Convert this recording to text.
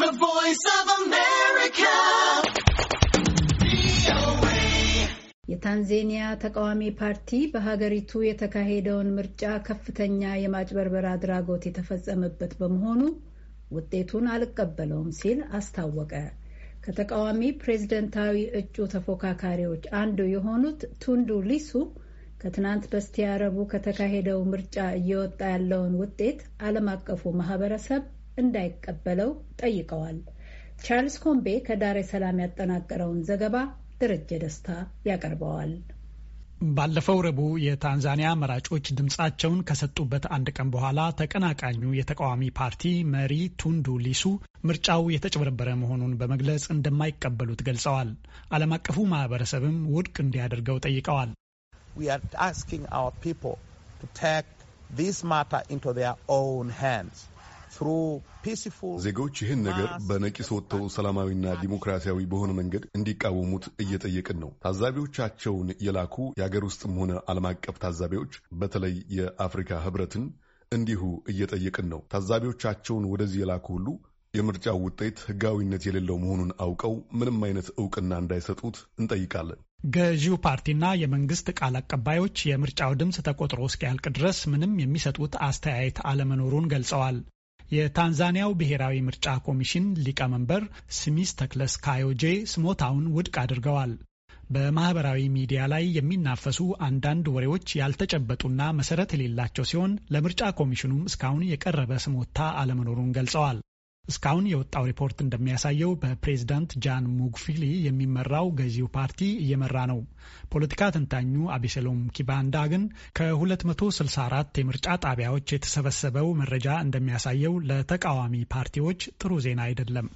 The Voice of America. የታንዜኒያ ተቃዋሚ ፓርቲ በሀገሪቱ የተካሄደውን ምርጫ ከፍተኛ የማጭበርበር አድራጎት የተፈጸመበት በመሆኑ ውጤቱን አልቀበለውም ሲል አስታወቀ። ከተቃዋሚ ፕሬዝደንታዊ እጩ ተፎካካሪዎች አንዱ የሆኑት ቱንዱ ሊሱ ከትናንት በስቲያ ረቡዕ ከተካሄደው ምርጫ እየወጣ ያለውን ውጤት ዓለም አቀፉ ማህበረሰብ እንዳይቀበለው ጠይቀዋል። ቻርልስ ኮምቤ ከዳሬ ሰላም ያጠናቀረውን ዘገባ ደረጀ ደስታ ያቀርበዋል። ባለፈው ረቡዕ የታንዛኒያ መራጮች ድምፃቸውን ከሰጡበት አንድ ቀን በኋላ ተቀናቃኙ የተቃዋሚ ፓርቲ መሪ ቱንዱ ሊሱ ምርጫው የተጭበረበረ መሆኑን በመግለጽ እንደማይቀበሉት ገልጸዋል። ዓለም አቀፉ ማህበረሰብም ውድቅ እንዲያደርገው ጠይቀዋል። ስ አር አስኪንግ አወር ፒፕል ቱ ዜጎች ይህን ነገር በነቂስ ወጥተው ሰላማዊና ዲሞክራሲያዊ በሆነ መንገድ እንዲቃወሙት እየጠየቅን ነው። ታዛቢዎቻቸውን የላኩ የአገር ውስጥም ሆነ ዓለም አቀፍ ታዛቢዎች በተለይ የአፍሪካ ህብረትን እንዲሁ እየጠየቅን ነው። ታዛቢዎቻቸውን ወደዚህ የላኩ ሁሉ የምርጫው ውጤት ህጋዊነት የሌለው መሆኑን አውቀው ምንም አይነት እውቅና እንዳይሰጡት እንጠይቃለን። ገዢው ፓርቲና የመንግስት ቃል አቀባዮች የምርጫው ድምፅ ተቆጥሮ እስኪያልቅ ድረስ ምንም የሚሰጡት አስተያየት አለመኖሩን ገልጸዋል። የታንዛኒያው ብሔራዊ ምርጫ ኮሚሽን ሊቀመንበር ስሚስ ተክለስ ካዮጄ ስሞታውን ውድቅ አድርገዋል። በማህበራዊ ሚዲያ ላይ የሚናፈሱ አንዳንድ ወሬዎች ያልተጨበጡና መሰረት የሌላቸው ሲሆን ለምርጫ ኮሚሽኑም እስካሁን የቀረበ ስሞታ አለመኖሩን ገልጸዋል። እስካሁን የወጣው ሪፖርት እንደሚያሳየው በፕሬዝዳንት ጃን ሙግፊሊ የሚመራው ገዢው ፓርቲ እየመራ ነው። ፖለቲካ ተንታኙ አቤሰሎም ኪባንዳ ግን ከ264 የምርጫ ጣቢያዎች የተሰበሰበው መረጃ እንደሚያሳየው ለተቃዋሚ ፓርቲዎች ጥሩ ዜና አይደለም።